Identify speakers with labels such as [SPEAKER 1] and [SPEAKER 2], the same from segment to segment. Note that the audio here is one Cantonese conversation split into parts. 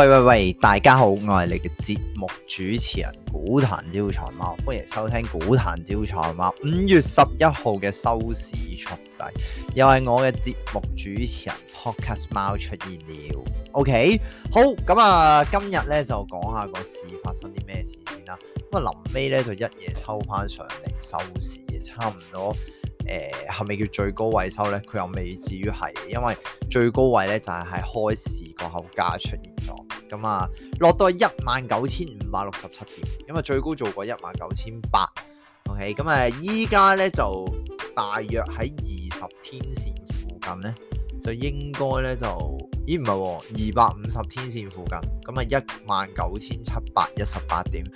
[SPEAKER 1] 喂喂喂，大家好，我係你嘅節目主持人股壇招財貓，歡迎收聽股壇招財貓。五月十一號嘅收市速遞，又係我嘅節目主持人 Podcast 貓出現了。OK，好，咁、嗯、啊、嗯，今日咧就講下個市發生啲咩事先啦。咁、嗯、啊，臨尾咧就一夜抽翻上嚟收市，差唔多。誒係咪叫最高位收呢？佢又未至於係，因為最高位呢就係、是、喺開市嗰口價出現咗。咁啊，落到一萬九千五百六十七點，因為最高做過一萬九千八。OK，咁啊依家呢就大約喺二十天線附近呢，就應該呢就咦唔係二百五十天線附近，咁啊一萬九千七百一十八點，誒、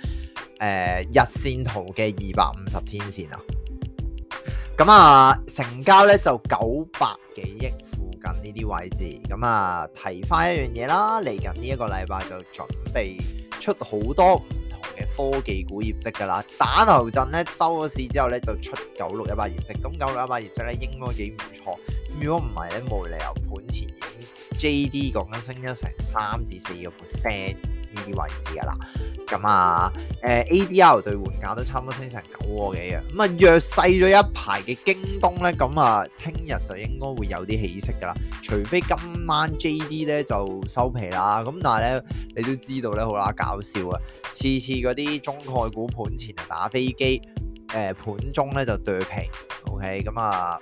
[SPEAKER 1] 呃、日線圖嘅二百五十天線啊。咁啊，成交咧就九百幾億附近呢啲位置，咁啊提翻一樣嘢啦，嚟緊呢一個禮拜就準備出好多唔同嘅科技股業績噶啦，打頭陣咧收咗市之後咧就出九六一八業績。咁九六一八業績咧應該幾唔錯，如果唔係咧冇理由盤前已經 JD 講緊升咗成三至四個 percent。呢啲位置噶啦，咁啊，誒、呃、，ABR 對換價都差唔多升成九個幾啊，咁啊弱勢咗一排嘅京東咧，咁啊聽日就應該會有啲起色噶啦，除非今晚 JD 咧就收皮啦，咁但係咧你都知道咧好啦，搞笑啊，次次嗰啲中概股盤前就打飛機，誒、呃、盤中咧就對平，OK，咁啊。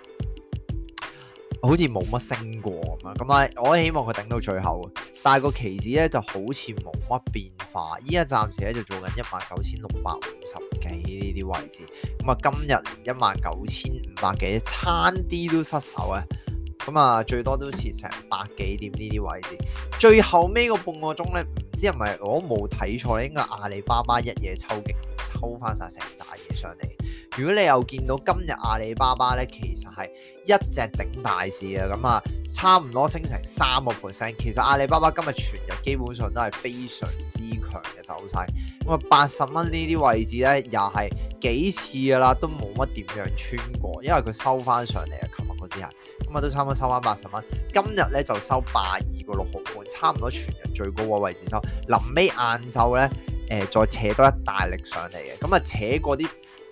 [SPEAKER 1] 好似冇乜升過咁啊！咁但都我希望佢頂到最後啊。但係個期指咧就好似冇乜變化。依家暫時咧就做緊一萬九千六百五十幾呢啲位置。咁啊，今日一萬九千五百幾，差啲都失手啊！咁啊，最多都蝕成百幾點呢啲位置。最後尾個半個鐘咧，唔知係咪我冇睇錯？應該阿里巴巴一夜抽極抽翻晒成扎嘢上嚟。如果你又見到今日阿里巴巴咧，其實係一隻頂大市啊！咁啊，差唔多升成三個 percent。其實阿里巴巴今日全日基本上都係非常之強嘅走勢。咁啊，八十蚊呢啲位置咧，又係幾次噶啦，都冇乜點樣穿過，因為佢收翻上嚟啊！琴日嗰支係咁啊，都差唔多收翻八十蚊。今日咧就收八二個六毫半，差唔多全日最高個位置收。臨尾晏晝咧，誒、呃、再扯多一大力上嚟嘅，咁啊扯過啲。誒，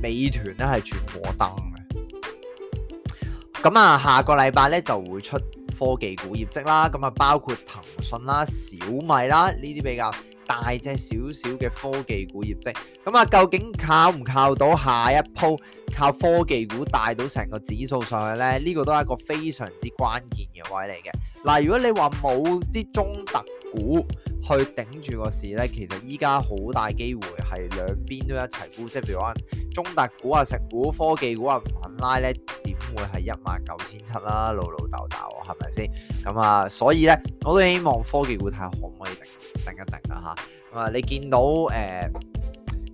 [SPEAKER 1] 美團咧，係全火燈嘅。咁啊下個禮拜咧就會出科技股業績啦，咁啊包括騰訊啦、小米啦呢啲比較大隻少少嘅科技股業績，咁啊究竟靠唔靠到下一鋪靠科技股帶到成個指數上去呢？呢個都係一個非常之關鍵嘅位嚟嘅。嗱，如果你話冇啲中特股。去頂住個市咧，其實依家好大機會係兩邊都一齊沽，即係譬如可能中特股啊、成股科技股啊唔肯拉咧，點會係一萬九千七啦？老老豆豆係咪先？咁啊，所以咧我都希望科技股睇下可唔可以頂頂一頂啦吓，咁啊，你見到誒、呃，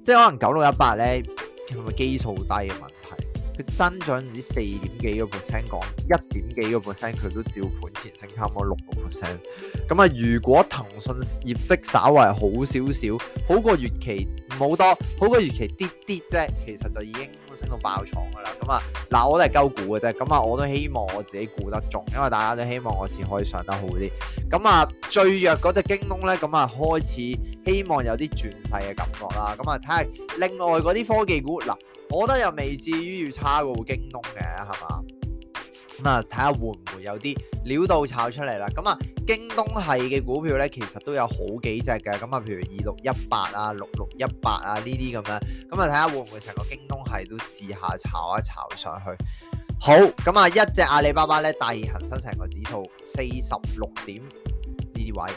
[SPEAKER 1] 即係可能九六一八咧，係咪基數低啊嘛？增長唔知四點幾個 percent，講一點幾個 percent，佢都照盤前升差唔多六個 percent。咁啊，如果騰訊業績稍為好少少，好過預期唔好多，好過預期啲啲啫，其實就已經升到爆廠噶啦。咁啊，嗱，我都係估估嘅啫。咁啊，我都希望我自己估得中，因為大家都希望我次可以上得好啲。咁啊，最弱嗰隻京東咧，咁啊開始希望有啲轉勢嘅感覺啦。咁啊，睇下另外嗰啲科技股嗱。我覺得又未至於要差過京東嘅，係嘛？咁啊，睇下會唔會有啲料到炒出嚟啦。咁啊，京東系嘅股票呢，其實都有好幾隻嘅。咁啊，譬如二六一八啊、六六一八啊呢啲咁樣。咁啊，睇下會唔會成個京東系都試下炒一炒上去。好，咁啊，一隻阿里巴巴呢，大二恒生成個指數，四十六點呢啲位。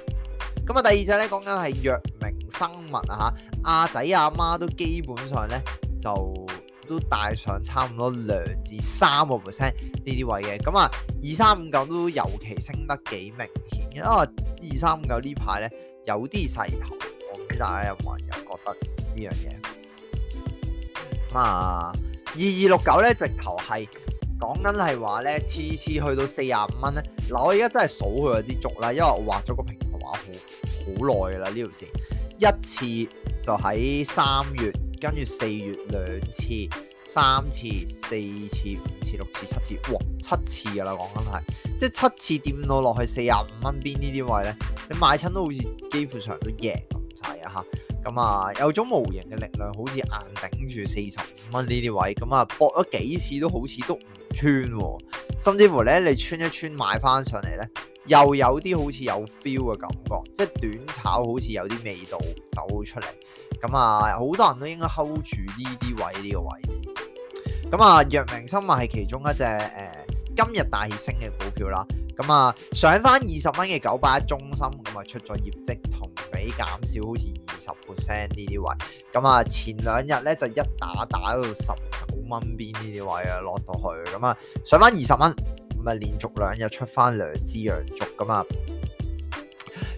[SPEAKER 1] 咁啊，第二隻呢，講緊係藥明生物啊嚇，阿仔阿媽都基本上呢。就都帶上差唔多兩至三個 percent 呢啲位嘅，咁啊二三五九都尤其升得幾明顯，因為二三五九呢排咧有啲勢頭，我唔知大家有冇人有覺得呢樣嘢？咁啊二二六九咧直頭係講緊係話咧，次次去到四十五蚊咧，嗱我而家都係數佢有啲續啦，因為我畫咗個平台畫好好耐噶啦，呢條線一次就喺三月。跟住四月兩次、三次、四次、五次、六次、七次，哇！七次噶啦，講緊係，即係七次掂到落去四十五蚊邊呢啲位咧，你買親都好似幾乎上都贏咁滯啊！嚇，咁啊有種無形嘅力量，好似硬頂住四十五蚊呢啲位，咁啊搏咗幾次都好似都唔穿、啊，甚至乎咧你穿一穿買翻上嚟咧，又有啲好似有 feel 嘅感覺，即係短炒好似有啲味道走出嚟。咁啊，好、嗯、多人都應該 hold 住呢啲位呢、呢個位置。咁、嗯、啊，藥明生物係其中一隻誒、呃、今日大升嘅股票啦。咁、嗯、啊，上翻二十蚊嘅九百一中心，咁、嗯、啊出咗業績，同比減少好似二十 percent 呢啲位。咁、嗯、啊，前兩日咧就一打打到十九蚊邊呢啲位啊落到去。咁、嗯、啊，上翻二十蚊，咁、嗯、啊、嗯嗯、連續兩日出翻兩支陽燭咁啊。嗯嗯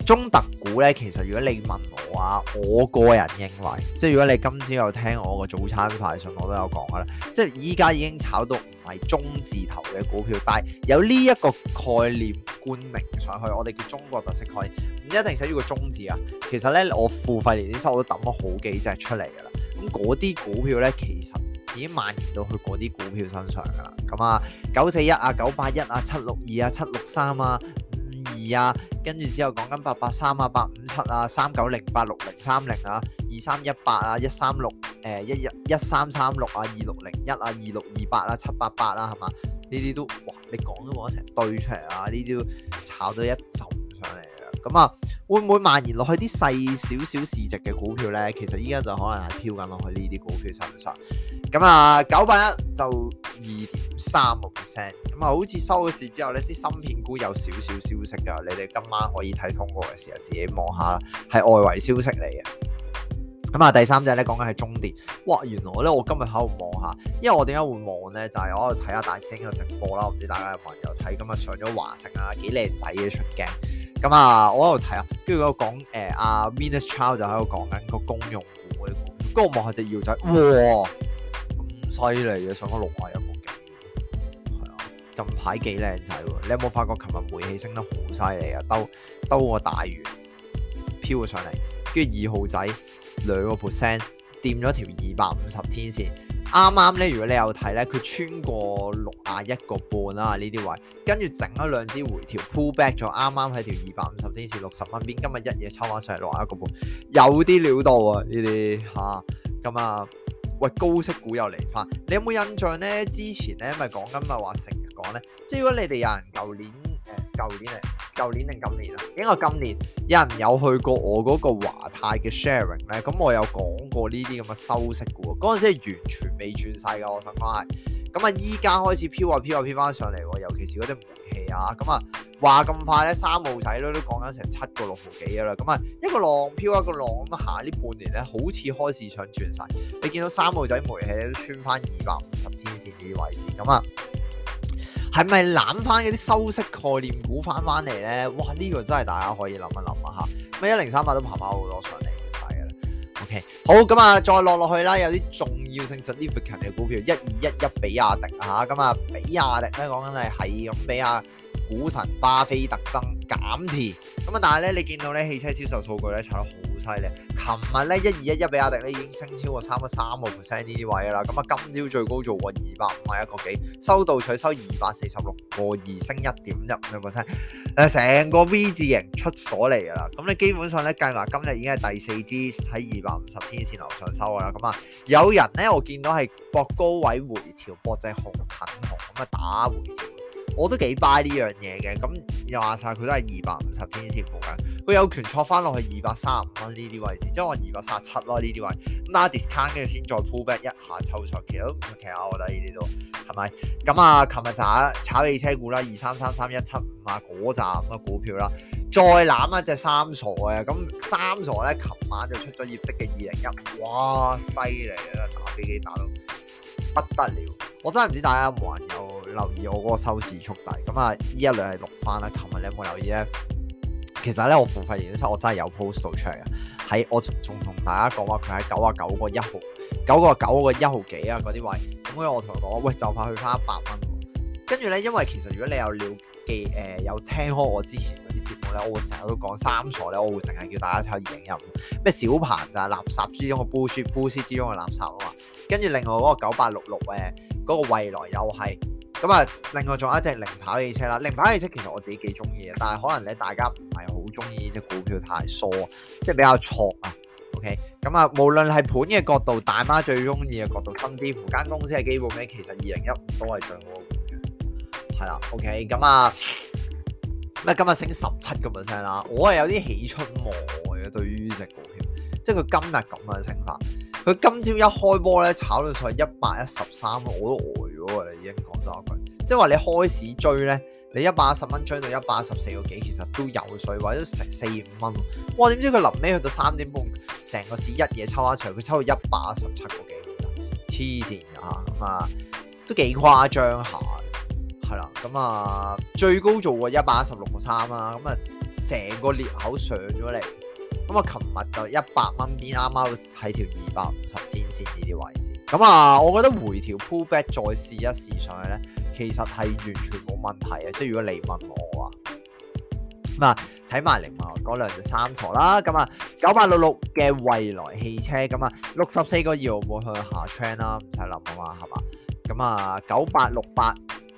[SPEAKER 1] 中特股咧，其實如果你問我啊，我個人認為，即係如果你今朝有聽我個早餐快訊，我都有講嘅啦。即係依家已經炒到唔係中字頭嘅股票，但係有呢一個概念冠名上去，我哋叫中國特色概念，唔一定寫住個中字啊。其實咧，我付費年資收我都揼咗好幾隻出嚟嘅啦。咁嗰啲股票咧，其實已經蔓延到去嗰啲股票身上嘅啦。咁啊，九四一啊，九八一啊，七六二啊，七六三啊。二啊，跟住之後講緊八八三啊、八五七啊、三九零八六零三零啊、二三一八啊、一三六誒、一一一三三六啊、二六零一啊、二六二八啊、七八八啊，係嘛？呢啲都哇，你講都話一齊堆出嚟啊！呢啲都炒到一浸上嚟。咁啊，會唔會蔓延落去啲細少少市值嘅股票咧？其實依家就可能係飄緊落去呢啲股票身上。咁啊，九八一就二點三個 percent。咁啊，好似收咗市之後呢，啲芯片股有少少消息㗎。你哋今晚可以睇通過嘅時候，自己望下，係外圍消息嚟嘅。咁啊，第三隻咧講緊係中電。哇，原來咧我今日喺度望下，因為我點解會望咧？就係、是、我喺度睇下大星嘅直播啦。唔知大家有冇人有睇？今日上咗華城啊，幾靚仔嘅出鏡。咁啊，我喺度睇啊，跟住嗰個講誒阿 Minus Chow 就喺度講緊個公用股，嗰個望下隻妖仔。哇，咁犀利嘅，上翻六百有冇嘅？係啊，近排幾靚仔喎，你有冇發覺琴日煤氣升得好犀利啊？兜兜個大魚飄咗上嚟，跟住二號仔兩個 percent 掂咗條二百五十天線。啱啱咧，如果你有睇咧，佢穿過六啊一個半啦呢啲位，跟住整咗兩支回調 pull back 咗，啱啱喺條二百五十天線六十蚊邊，今日一夜抽翻上嚟六啊一個半，有啲料到啊呢啲吓咁啊，啊喂高息股又嚟翻，你有冇印象咧？之前咧咪講緊咪話成日講咧，即係如果你哋有人舊年誒，舊、呃、年誒。舊年定今年啊？應該今年有人有去過我嗰個華泰嘅 sharing 咧，咁我有講過呢啲咁嘅收息股喎。嗰陣時完全未轉勢嘅，我想講係。咁啊，依家開始飄啊飄啊飄翻、啊、上嚟喎，尤其是嗰隻煤氣啊。咁啊，話咁快咧三號仔都都講緊成七個六毫幾嘅啦。咁啊，一個浪飄一個浪咁下，呢半年咧好似開始想轉勢。你見到三號仔煤氣都穿翻二百五十天線嘅位置咁啊。係咪攬翻嗰啲收息概念股翻翻嚟咧？哇！呢個真係大家可以諗一諗啊嚇。咩一零三八都爬翻好多上嚟嘅，快嘅啦。OK，好，咁啊，再落落去啦，有啲重要性 significant 嘅股票，一二一一比亞迪嚇，咁啊比亞迪咧講緊係係咁比亞。股神巴菲特增減持，咁啊，但係咧，你見到咧汽車銷售數據咧炒得好犀利。琴日咧，一二一一比亞迪咧已經升超過差唔多三個 percent 呢啲位啦。咁、嗯、啊，今朝最高做過二百五十一個幾，收到取收二百四十六個二，升一點一五兩個 percent。誒，成個 V 字形出咗嚟噶啦。咁、嗯、你基本上咧計埋今日已經係第四支喺二百五十天線樓上收噶啦。咁、嗯、啊，有人咧我見到係博高位回調，博就係紅粉紅咁啊打回我都幾 buy 呢樣嘢嘅，咁又話晒，佢都係二百五十天線附近，佢有權挫翻落去二百三十五蚊呢啲位置，即係話二百三十七咯呢啲位，咁 discount 跟住先再 pull back 一下抽財旗咯，其實我覺得呢啲都係咪？咁啊，琴日就炒汽車股啦，二三三三一七五啊嗰扎咁嘅股票啦，再攬一隻三傻啊。咁三傻咧，琴晚就出咗業績嘅二零一，哇犀利啊，打飛機，機打到不得了，我真係唔知大家有冇人有。留意我嗰個收市速遞咁啊！呢一兩係錄翻啦。琴日咧有冇留意咧？其實咧，我付費營收我真係有 post 到出嚟嘅。喺我仲同大家講話，佢喺九啊九個一毫九個九個一毫幾啊嗰啲位。咁所以我同佢講話，喂就快去翻一百蚊。跟住咧，因為其實如果你有了記誒、呃，有聽開我之前嗰啲節目咧，我會成日都講三傻咧，我會淨係叫大家睇二零一五咩小盤就係垃圾之中嘅 bullshit，bullshit 之中嘅垃圾啊嘛。跟住另外嗰個九八六六誒嗰個未來又係。咁啊，另外仲有一隻零跑汽車啦。零跑汽車其實我自己幾中意嘅，但係可能咧大家唔係好中意呢隻股票太疏，即係比較挫啊。OK，咁啊，無論係盤嘅角度、大媽最中意嘅角度、分析吓間公司嘅基本面其實二零一五都係最好嘅，係啦。OK，咁啊，咁啊今日升十七個 percent 啦？我係有啲喜出望外嘅對於呢隻股票，即係佢今日咁樣升法，佢今朝一開波咧炒到上一百一十三我都我哋已經講多一句，即係話你開始追咧，你一百一十蚊追到一百一十四個幾，其實都有水，或者成四五蚊。哇！點知佢臨尾去到三點半，成個市一夜抽翻上，佢抽到一百一十七個幾，黐線啊！咁、嗯、啊，都幾誇張下，係、啊、啦。咁、嗯、啊，最高做過一百一十六個三啦。咁啊，成個裂口上咗嚟。咁、嗯、啊，琴日就一百蚊邊啱啱睇條二百五十天線呢啲位置。咁啊，我覺得回調 pull back 再試一試上去咧，其實係完全冇問題嘅。即係如果你問我啊，啊，睇埋另外嗰兩隻三台啦，咁啊，九八六六嘅蔚來汽車，咁啊，六十四個二號冇去下穿啦，唔使諗啊嘛，係嘛？咁啊，九八六八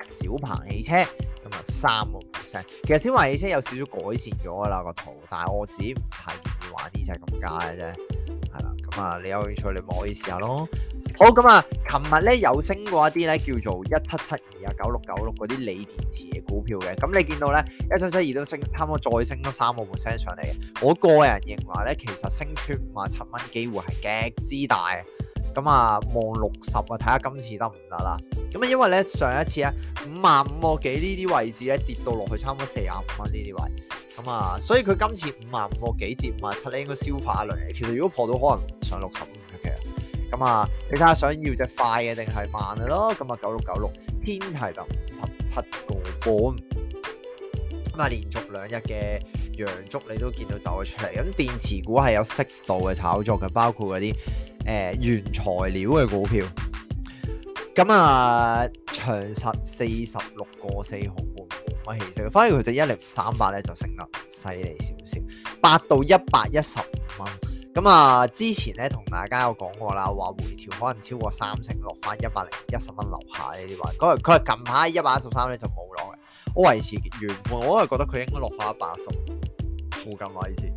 [SPEAKER 1] 小鵬汽車，咁啊，三個 percent，其實小鵬汽車有少少改善咗啦、那個圖，但係我自己唔太鍾意玩呢隻咁解嘅啫，係啦。咁啊，你有興趣你咪可以試下咯。好咁啊！琴日咧有升過一啲咧，叫做一七七二啊、九六九六嗰啲鋰電池嘅股票嘅。咁、嗯、你見到咧一七七二都升，差唔多再升咗三個 percent 上嚟。我個人認為咧，其實升穿五萬七蚊，機會係極之大。咁、嗯、啊，望六十啊，睇下今次得唔得啦？咁、嗯、啊，因為咧上一次咧五萬五個幾呢啲位置咧跌到落去差唔多四十五蚊呢啲位。咁、嗯、啊，所以佢今次五萬五個幾至五萬七咧，應該消化落嚟。其實如果破到可能上六十。咁啊，你睇下想要隻快嘅定係慢嘅咯？咁啊，九六九六，天齊就五十七個半。咁啊，連續兩日嘅陽燭你都見到走咗出嚟。咁電池股係有適度嘅炒作嘅，包括嗰啲誒原材料嘅股票。咁啊，長實四十六個四毫半冇乜起色，反而佢就一零三八咧就升啦，犀利少少，八到一百一十五蚊。咁啊，之前咧同大家有講過啦，話回調可能超過三成，落翻一百零一十蚊樓下呢啲位。佢係近排一百一十三咧就冇攞嘅，我維持原本，我都係覺得佢應該落翻一百一十附近位置。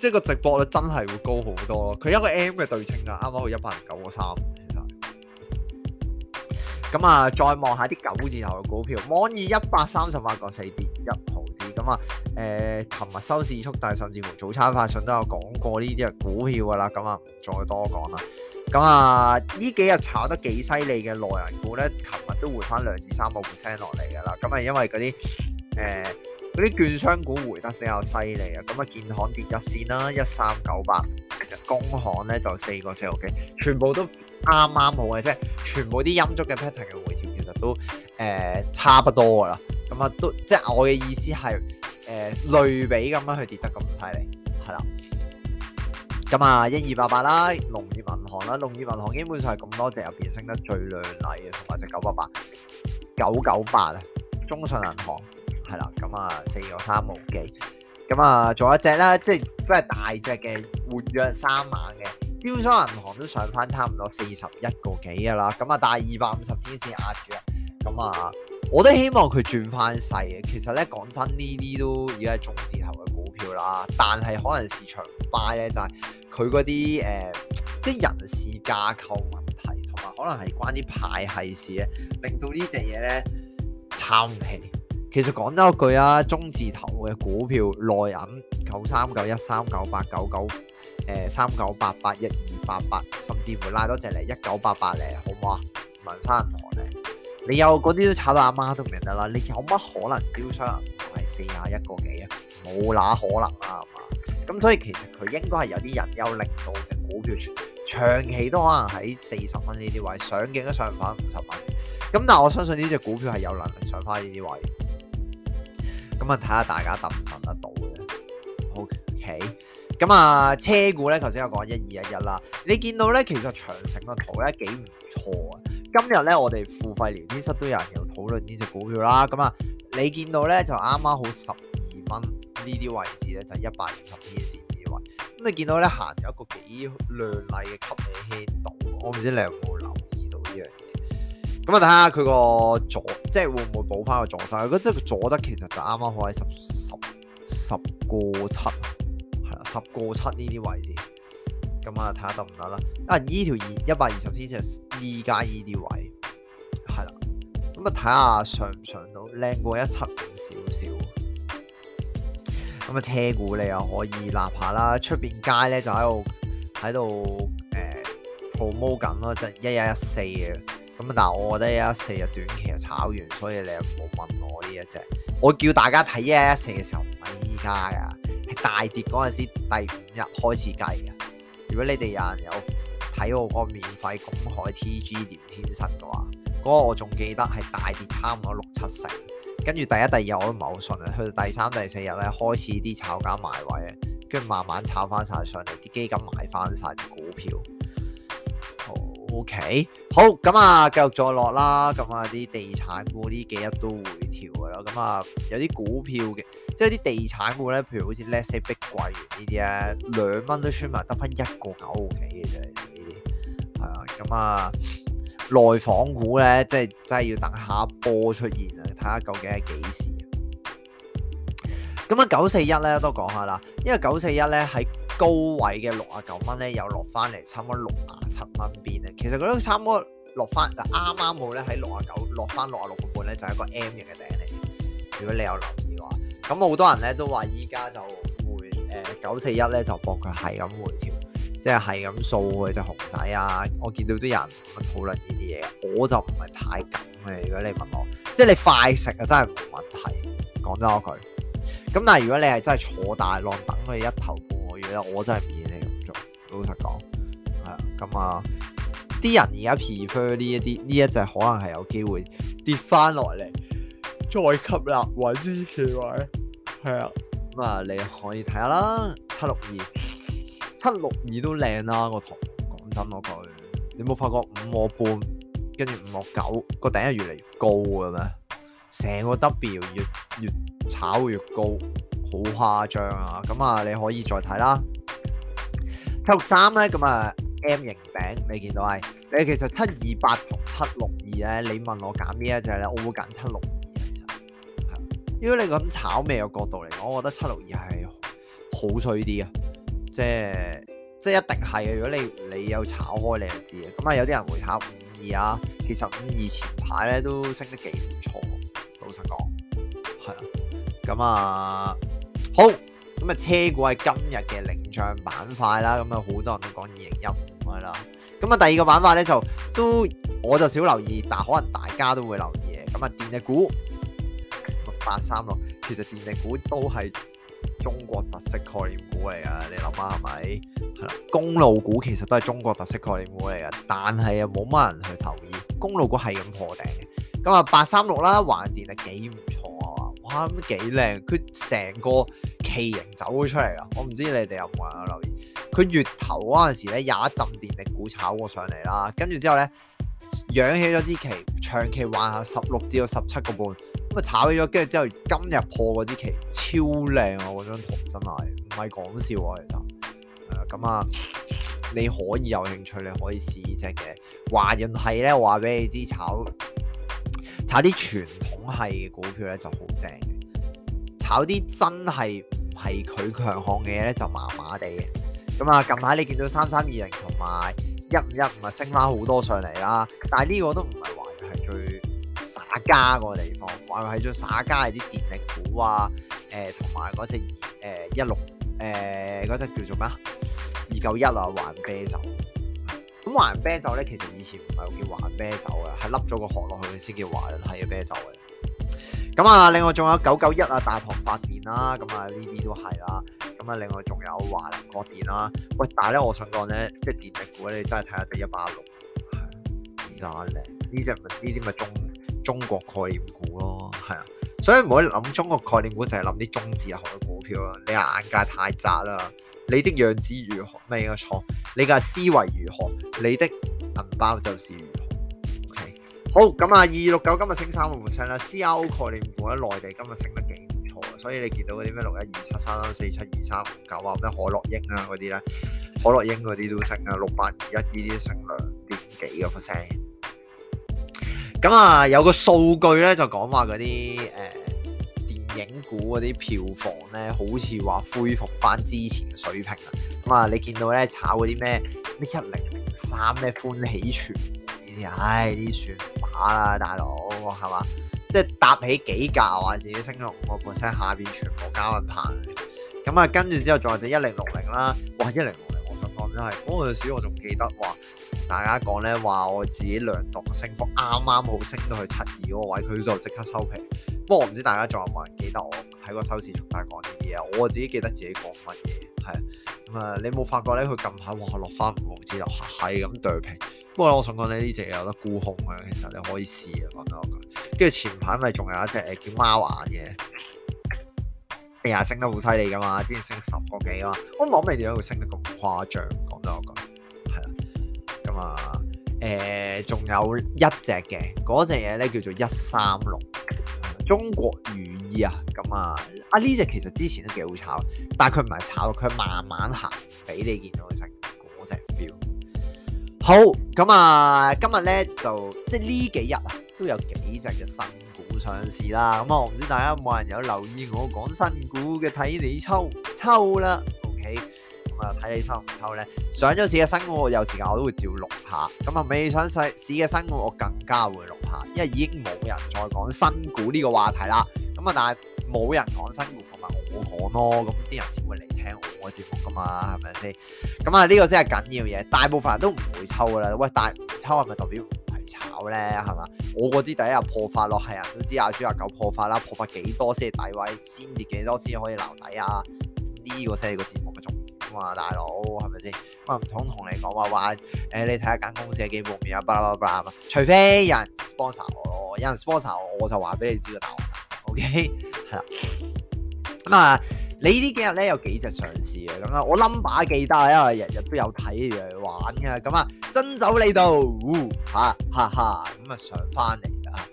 [SPEAKER 1] 即係個值博率真係會高好多咯，佢一個 M 嘅對稱啦，啱啱好一百零九個三。其實咁啊，再望下啲九字頭嘅股票，網易一百三十蚊個四跌一咁啊，誒、嗯，琴日收市速遞，甚至乎早餐發信都有講過呢啲嘅股票噶啦，咁啊，唔再多講啦。咁啊，呢幾日炒得幾犀利嘅內銀股咧，琴日都回翻兩至三個 percent 落嚟噶啦。咁啊，因為嗰啲誒啲券商股回得比較犀利啊。咁啊，建行跌一線啦，一三九八；其實工行咧就四個四 e r 全部都啱啱好嘅啫。 全部啲陰燭嘅 pattern 嘅回調其實都誒、呃、差不多噶啦。咁啊，都即係我嘅意思係，誒、呃，類比咁樣去跌得咁犀利，係啦。咁啊，一二八八啦，農業銀行啦，農業銀行基本上係咁多隻入邊升得最亮麗嘅，同埋隻九八八、九九八啊，中信銀行係啦。咁啊，四個三毛幾。咁啊，仲有一隻啦，即係都係大隻嘅，活躍三萬嘅，招商銀行都上翻差唔多四十一個幾噶啦。咁啊，但係二百五十天線壓住啊。咁啊。我都希望佢轉翻細嘅，其實咧講真呢啲都而家係中字頭嘅股票啦，但係可能市場乖咧，就係佢嗰啲誒，即係人事架構問題同埋可能係關啲派係事咧，令到呢隻嘢咧炒唔起。其實講咗句啊，中字頭嘅股票內銀九三九一三九八九九，誒三九八八一二八八，88, 88, 甚至乎拉多隻嚟一九八八嚟，1, 9, 8, 8, 8, 好唔好啊？民生銀行咧。你有嗰啲都炒到阿媽都唔認得啦！你有乜可能招商係四廿一個幾啊？冇那可能啊嘛！咁所以其實佢應該係有啲隱憂，令到隻股票長期都可能喺四十蚊呢啲位，上極都上翻五十蚊。咁但係我相信呢隻股票係有能力上翻呢啲位。咁啊，睇下大家揼唔揼得到啫。OK，咁啊，車股咧，頭先我講一二一一啦。你見到咧，其實長城個圖咧幾唔錯啊！今日咧，我哋付費聊天室都有人有討論呢隻股票啦。咁、嗯、啊，你見到咧，就啱啱好十二蚊呢啲位置咧，就一百二十線以上位。咁、嗯、你見到咧，行有一個幾亮麗嘅吸引線度，我唔知你有冇留意到呢樣嘢。咁、嗯、啊，睇下佢個左，即係會唔會補翻個左側？如果真係佢左得，其實就啱啱好喺十十十個七，係啦，十個七呢啲位置。咁啊，睇下得唔得啦？啊，依條二一百二十千就依家依啲位，係啦。咁、嗯、啊，睇下上唔上到靚過一七五少少。咁、嗯、啊，車股你又可以立下啦。出邊街咧就喺度喺度誒 p r o m o t e n g 咯，即係一一四啊。咁、呃、啊、嗯，但係我覺得一一四啊短期啊炒完，所以你又唔好問我呢一隻。我叫大家睇一一一四嘅時候唔係依家啊，係大跌嗰陣時第五日開始計啊。如果你哋有人有睇我嗰個免費公開 T G 聊天室嘅話，嗰、那個我仲記得係大跌差唔多六七成，跟住第一、第二我都唔係好信啊，去到第三、第四日咧開始啲炒家埋位啊，跟住慢慢炒翻晒上嚟，啲基金買翻晒啲股票。O、okay? K，好，咁啊，繼續再落啦，咁啊啲地產股呢幾日都回調嘅啦，咁啊有啲股票嘅。即啲地產股咧，譬如好似 let's say 碧桂園呢啲咧，兩蚊都穿埋，得翻一個九毫幾嘅啫。係啊，咁啊，內房股咧，即係真係要等下波出現啊，睇下究竟係幾時。咁啊，九四一咧都講下啦，因為九四一咧喺高位嘅六啊九蚊咧，又落翻嚟差唔多六啊七蚊邊咧。其實佢都差唔多落翻，就啱啱好咧喺六啊九落翻六啊六個半咧，就係一個 M 型嘅頂嚟。如果你有諗。咁好多人咧都話依家就會誒九四一咧就搏佢係咁回調， 即係係咁掃嗰隻紅底啊！我見到啲人討論呢啲嘢，我就唔係太敢嘅。如果你問我，即係你快食啊，真係冇問題，講真嗰句。咁但係如果你係真係坐大浪等佢一頭過，我覺得我真係唔建議你咁做。老實講，係咁啊，啲人而家 prefer 呢一啲呢一隻可能係有機會跌翻落嚟，再吸納穩啲位。係啊，咁啊、嗯、你可以睇下啦，七六二，七六二都靚啦個圖，講真嗰句，你冇發覺五個半，跟住五個九個頂係越嚟越高嘅咩？成個 W 越越炒越高，好誇張啊！咁、嗯、啊，你可以再睇啦，七六三咧，咁啊 M 型頂你見到係，你其實七二八同七六二咧，你問我揀邊一隻咧，我會揀七六。如果你咁炒咩嘅角度嚟講，我覺得七六二係好衰啲啊，即係即係一定係嘅。如果你你有炒開，你就知啊。咁啊，有啲人回考五二啊，其實五二前排咧都升得幾唔錯。老實講，係啊。咁啊，好。咁啊，車股係今日嘅領漲板塊啦。咁啊，好多人都講二零一係啦。咁啊，第二個板塊咧就都我就少留意，但可能大家都會留意嘅。咁啊，電力股。八三六其實電力股都係中國特色概念股嚟噶，你諗下係咪？係啦，公路股其實都係中國特色概念股嚟噶，但係又冇乜人去留意。公路股係咁破頂嘅。咁啊，八三六啦，玩電力幾唔錯啊！哇，咁幾靚，佢成個旗形走咗出嚟啊！我唔知你哋有冇人有留意。佢月頭嗰陣時咧，有一浸電力股炒過上嚟啦，跟住之後咧，揚起咗支旗，長期玩下十六至到十七個半。咁咪炒咗，跟住之後今日破嗰支旗超靚啊！嗰張圖真係唔係講笑啊！其實，咁啊，你可以有興趣，你可以試依隻嘅。華潤系咧，話俾你知，炒炒啲傳統係嘅股票咧就好正嘅，炒啲真係唔係佢強項嘅嘢咧就麻麻地嘅。咁啊，近排你見到三三二零同埋一五一五啊，升返好多上嚟啦。但係呢個都唔係話。灑家個地方，話佢係咗灑家係啲電力股啊，誒同埋嗰隻誒一六誒嗰隻叫做咩啊二九一啊，華潤啤酒。咁華潤啤酒咧，其實以前唔係叫華潤啤酒啊，係凹咗個殼落去先叫華潤係嘅啤酒嘅。咁啊，另外仲有九九一啊，大唐發電啦、啊，咁啊呢啲都係啦。咁啊，另外仲有華能國電啦、啊。喂，但係咧，我想講咧，即係電力股咧、啊，你真係睇下第一八六，幾難咧？呢隻唔係呢啲咪中？中國概念股咯、啊，係啊，所以唔好諗中國概念股就係諗啲中字頭嘅股票啊，你眼界太窄啦，你的樣子如何咩冇錯，你嘅思維如何，你的銀包就是如何。OK，好，咁、嗯、啊，二二六九今日升三個 percent 啦 CRO 概念股喺內地今日升得幾唔錯，所以你見到嗰啲咩六一二七三三四七二三五九啊，咩可樂英啊嗰啲咧，可樂英嗰啲都升啊六八二一呢啲升兩點幾個 percent。600, 2, 1, 2, 3, 4, 5, 5咁啊，有個數據咧，就講話嗰啲誒電影股嗰啲票房咧，好似話恢復翻之前水平啊！咁啊，你見到咧，炒嗰啲咩咩一零零三咩歡喜傳呢啲唉，啲算把啦，大佬，係嘛？即係搭起幾架啊，自己升咗五個 percent，下邊全部加緊拍。咁啊，跟住之後再跌一零六零啦！哇，一零六零，我真當真係嗰陣時，我仲記得哇～大家講咧話我自己量度升幅啱啱好升到去七二嗰個位，佢就即刻收皮。不過我唔知大家仲有冇人記得我喺個收市重帶講啲嘢啊？我自己記得自己講乜嘢，係咁啊！你冇發覺咧？佢近排話落翻五毫子，又係咁對皮。不過我想講咧呢隻有得沽空啊，其實你可以試啊，講咗我講。跟住前排咪仲有一隻叫貓眼嘅，哎呀升得好犀利噶嘛，居然升十個幾啊！我冇諗你點解會升得咁誇張，講咗我講。啊，誒，仲有一隻嘅，嗰隻嘢咧叫做一三六，中國儒意啊，咁啊，啊呢隻、啊啊、其實之前都幾好炒，但係佢唔係炒，佢慢慢行，俾你見到嘅係嗰隻 feel。好，咁啊，今日咧就即係呢幾日啊，都有幾隻嘅新股上市啦，咁啊，我唔知大家有冇人有留意我講新股嘅睇你抽抽啦，OK。睇你抽唔抽咧？上咗市嘅新股我有時間我都會照錄下。咁啊，未上市嘅新股我更加會錄下，因為已經冇人再講新股呢個話題啦。咁啊，但係冇人講新股，同埋我講咯。咁啲人先會嚟聽我嘅節目噶嘛，係咪先？咁啊，呢個先係緊要嘢。大部分人都唔會抽噶啦。喂，但係唔抽係咪代表唔係炒咧？係嘛？我嗰支第一日破發落係人都知，廿九廿九破發啦，破發幾多先係底位？先至幾多先可以留底啊？呢個先係個節目嘅重點。大佬，係咪先？我唔通同你講話話，誒、呃，你睇下間公司嘅基本面啊，巴拉巴拉。除非有人 sponsor 我，有人 sponsor 我，我就話俾你知個答案。OK，係啦。咁啊，你呢幾日咧有幾隻上市嘅？咁啊，我 number 記得啊，因為日日都有睇嘅，玩嘅。咁啊，真走你度，吓、呃，哈哈。咁啊，上翻嚟啊！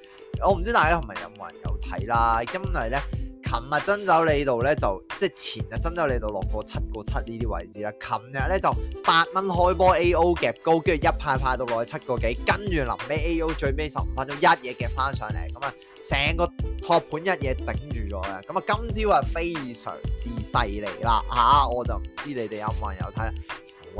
[SPEAKER 1] 我唔知大家係咪有冇人有睇啦，因為咧。琴日真走你度咧就即係前日真走你度落過七個七呢啲位置啦，琴日咧就八蚊開波 A O 夾高，跟住一派一派到落去七個幾，跟住臨尾 A O 最尾十五分鐘一嘢夾翻上嚟，咁啊成個托盤一嘢頂住咗嘅，咁啊今朝啊非常之犀利啦吓、啊，我就唔知你哋有冇人有睇啦。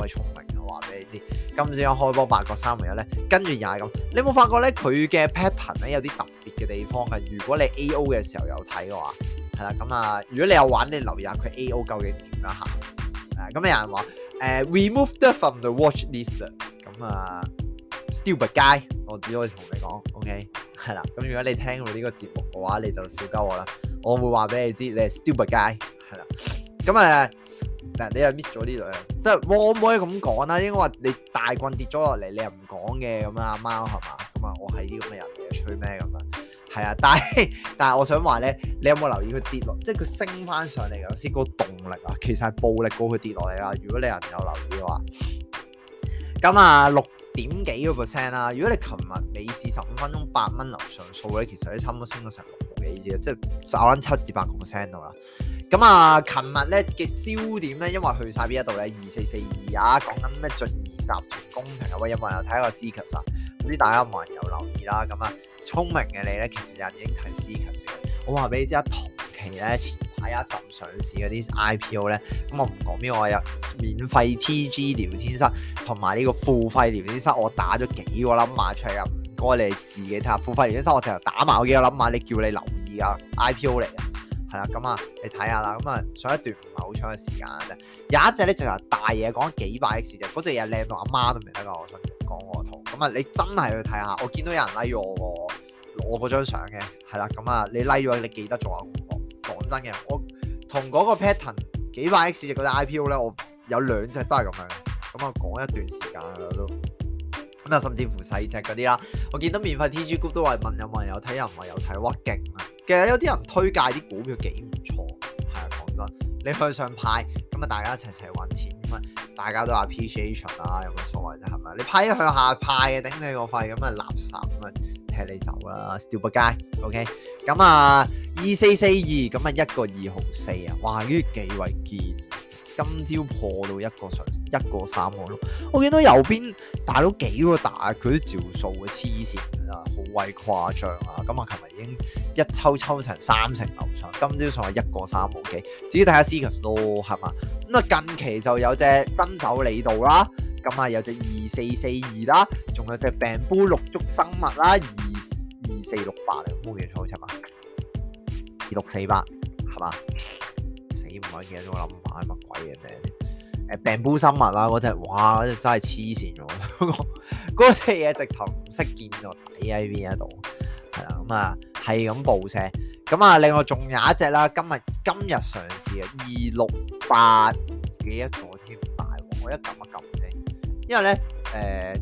[SPEAKER 1] 好聰明啊！話俾你知，今次我開波八個三圍一咧，跟住又係咁。你有冇發覺咧？佢嘅 pattern 咧有啲特別嘅地方係，如果你 AO 嘅時候有睇嘅話，係啦。咁、嗯、啊，如果你有玩，你留意下佢 AO 究竟點樣行。誒、嗯，咁、嗯、有人話誒、uh，removed from the watch list、嗯。咁啊，stupid guy，我只可以同你講，OK 係啦。咁、嗯、如果你聽到呢個節目嘅話，你就笑鳩我啦。我會話俾你知，你係 stupid guy 係啦。咁、嗯、啊～你又 miss 咗呢兩，即係我唔可以咁講啦？應該話你大棍跌咗落嚟，你又唔講嘅咁啊？樣貓係嘛？咁啊，我係啲咁嘅人嘅，吹咩咁啊？係啊，但係但係我想話咧，你有冇留意佢跌落，即係佢升翻上嚟有時，個動力啊，其實係暴力過佢跌落嚟啦。如果你人有留意嘅話，咁啊六點幾個 percent 啦。如果你琴日尾市十五分鐘八蚊流上數咧，其實你差唔多升咗成。你即係咬撚七至八個 percent 到啦。咁啊，琴日咧嘅焦點咧，因為去晒邊一度咧，二四四二啊，講緊咩進義集團工程啊，喂，有冇人有睇個 CCUS 啊？唔知大家有冇人有留意啦？咁啊，聰明嘅你咧，其實有人已經睇 CCUS。我話俾你知啊，同期咧前排一陣上市嗰啲 IPO 咧，咁我唔講邊，我有免費 TG 聊天室同埋呢個付費聊天室，我打咗幾個 number 出嚟啊！哥，你自己睇下，付慧源嗰隻我成日打埋我嘅諗法，你叫你留意啊，IPO 嚟嘅。係啦，咁啊，你睇下啦，咁啊，上一段唔係好長嘅時間啫，有一隻咧就由大嘢，講幾百 X 隻，嗰隻嘢靚到阿媽都未明得個，我想講我同，咁啊，你真係去睇下，我見到有人拉、like、咗我攞我嗰張相嘅，係啦，咁啊，你拉、like、咗你記得做下，講真嘅，我，我，我同嗰個 pattern 幾百 X 隻嗰隻 IPO 咧，我有兩隻都係咁樣，咁啊，講一段時間啊都。甚至乎細隻嗰啲啦，我見到免費 T G Group 都話問有冇人有睇，又唔係又睇屈勁啊，其實有啲人推介啲股票幾唔錯，係啊講真，你向上派咁啊，大家一齊齊揾錢咁啊，大家都 appreciation 啦，有乜所謂啫係咪？你派一向下派嘅頂你個肺，咁啊，垃圾咁啊，踢你走啦，stupid，OK？咁啊，二四四二咁啊，一個二毫四啊，哇，呢啲幾為堅！今朝破到一個上一個三毫咯，我見到右邊大佬幾個大，佢啲招數嘅黐線啦，好鬼誇張啊！咁我琴日已經一抽抽成三成樓上，今朝上係一個三毫幾。自己睇下 Cus 都係嘛，咁啊近期就有隻真走李道啦，咁啊有隻二四四二啦，仲有隻病煲六足生物啦，二二四六八嚟，我哋睇七好二六四八係嘛？點搵嘢？我諗下，乜鬼嘢咩？誒、欸，Bamboo 生物啦，嗰隻哇，嗰隻真係黐線咗，嗰嗰隻嘢直頭唔識見到喺邊一度，係啦，咁、嗯、啊係咁報聲。咁啊、嗯，另外仲有一隻啦，今日今日嘗試嘅二六八嘅一個添，大，我一撳一撳啫。因為咧，誒、呃，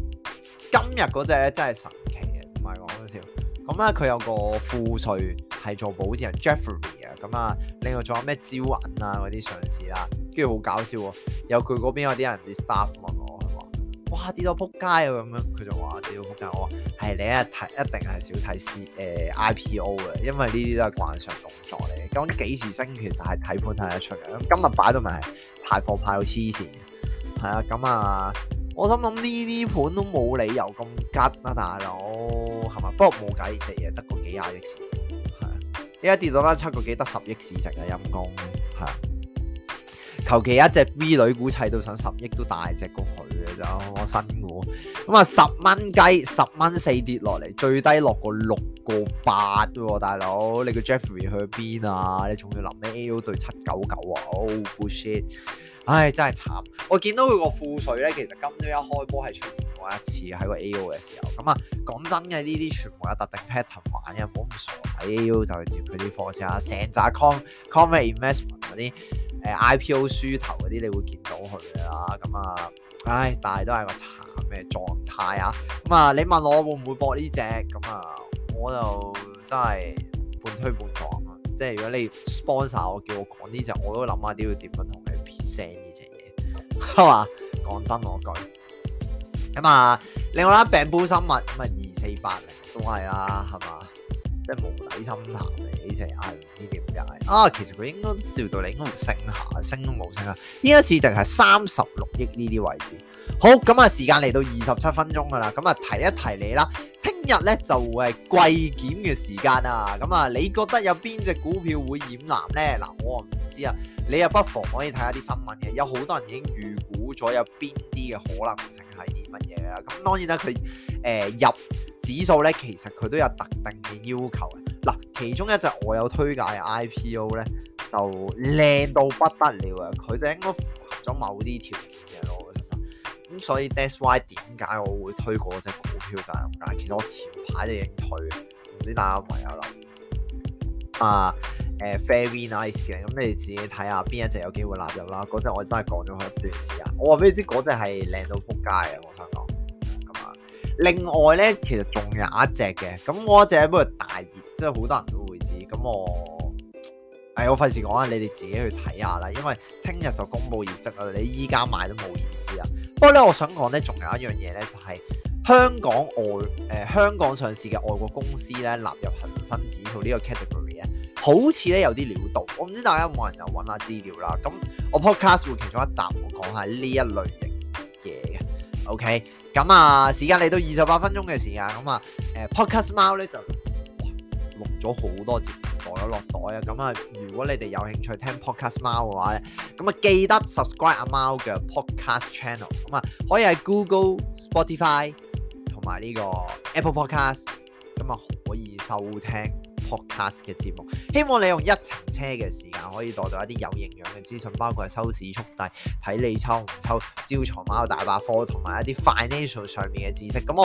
[SPEAKER 1] 今日嗰隻咧真係神奇嘅，唔係講笑。咁、嗯、咧，佢、啊、有個富瑞係做保薦人嘅，Jeffrey。Jeff rey, 咁、嗯、啊，另外仲有咩招魂啊嗰啲上市啊，跟住好搞笑喎、啊，有佢嗰邊有啲人啲 staff 問我，佢話：哇，跌到撲街啊咁樣，佢就話跌到撲街、啊、我話係你一日睇，一定係少睇 C 誒、呃、IPO 嘅，因為呢啲都係慣常動作嚟、啊。咁幾時升其實係睇盤睇得出嘅，咁今日擺到咪排貨派到黐線，係啊，咁、嗯嗯、啊，我心諗呢啲盤都冇理由咁急啊大佬，係嘛？不過冇計，隻嘢得個幾廿億而家跌到翻七個幾，得十億市值啊！陰公，係求其一隻 V 女股砌到上十億都大隻過佢嘅啫，我新股咁啊！十蚊雞，十蚊四跌落嚟，最低落過六個八喎、啊，大佬！你個 Jeffrey 去邊啊？你仲要諗咩 A 股對七九九啊？Oh bullshit！唉，真係慘！我見到佢個富水咧，其實今朝一開波係出現過一次喺個 A.O. 嘅時候。咁、嗯、啊，講真嘅，呢啲全部有特定 pattern 玩嘅，唔好咁傻睇 A.O. 就去接佢啲貨先啊。成扎 con-convey investment 嗰啲，誒、呃、I.P.O. 輸頭嗰啲，你會見到佢嘅啦。咁、嗯、啊，唉，但係都係個慘嘅狀態啊。咁、嗯、啊、嗯，你問我會唔會搏呢隻？咁、嗯、啊，我就真係半推半撞啊。即係如果你 sponsor 我，我叫我講呢隻，我都諗下啲要點樣同你。正呢隻嘢，係嘛？講 真嗰句，咁啊，另外啦，病鋪生物，咁啊，二四八零都係啦，係嘛？即係無底深潭嚟，呢隻係唔知點解啊。其實佢應該照到你應，應該唔升下，升都冇升啊。呢一次淨係三十六億呢啲位置。好，咁啊，時間嚟到二十七分鐘噶啦，咁啊，提一提你啦。今日咧就係季檢嘅時間啊，咁啊你覺得有邊隻股票會染藍呢？嗱，我唔知啊，你又不妨可以睇下啲新聞嘅，有好多人已經預估咗有邊啲嘅可能性係啲乜嘢啊。咁當然啦，佢、呃、誒入指數咧，其實佢都有特定嘅要求啊。嗱，其中一隻我有推介嘅 IPO 咧，就靚到不得了啊！佢就應該符合咗某啲條件嘅咯。咁所以 that's why 點解，我會推嗰隻股票就係咁解。其實我前排都已經推，唔知大家朋友諗啊？誒，uh, very nice 嘅。咁你哋自己睇下邊一隻有機會納入啦。嗰隻我真係講咗佢一段時間，我話俾你知嗰隻係靚到撲街啊！我香港咁啊。另外咧，其實仲有一隻嘅。咁我一隻不過大熱，即係好多人都會知。咁我誒，我費事講啦，你哋自己去睇下啦。因為聽日就公佈業績啦，你依家買都冇意思啊。不過咧，我想講咧，仲有一樣嘢咧，就係、是、香港外誒、呃、香港上市嘅外國公司咧納入恒生指數個呢個 category 咧，好似咧有啲料到，我唔知大家有冇人又揾下資料啦。咁我 podcast 會其中一集會講下呢一類型嘢嘅。OK，咁啊時間嚟到二十八分鐘嘅時間，咁啊誒、呃、podcast 貓咧就。咗好多節目袋咗落袋啊！咁啊，如果你哋有興趣聽 Podcast 貓嘅話咧，咁啊記得 subscribe 阿貓嘅 Podcast Channel，咁啊可以喺 Google、Spotify 同埋呢個 Apple Podcast，咁啊可以收聽 Podcast 嘅節目。希望你用一程車嘅時間可以攞到一啲有營養嘅資訊，包括係收市速遞、睇你抽唔抽、招財貓大百科同埋一啲 financial 上面嘅知識，咁我。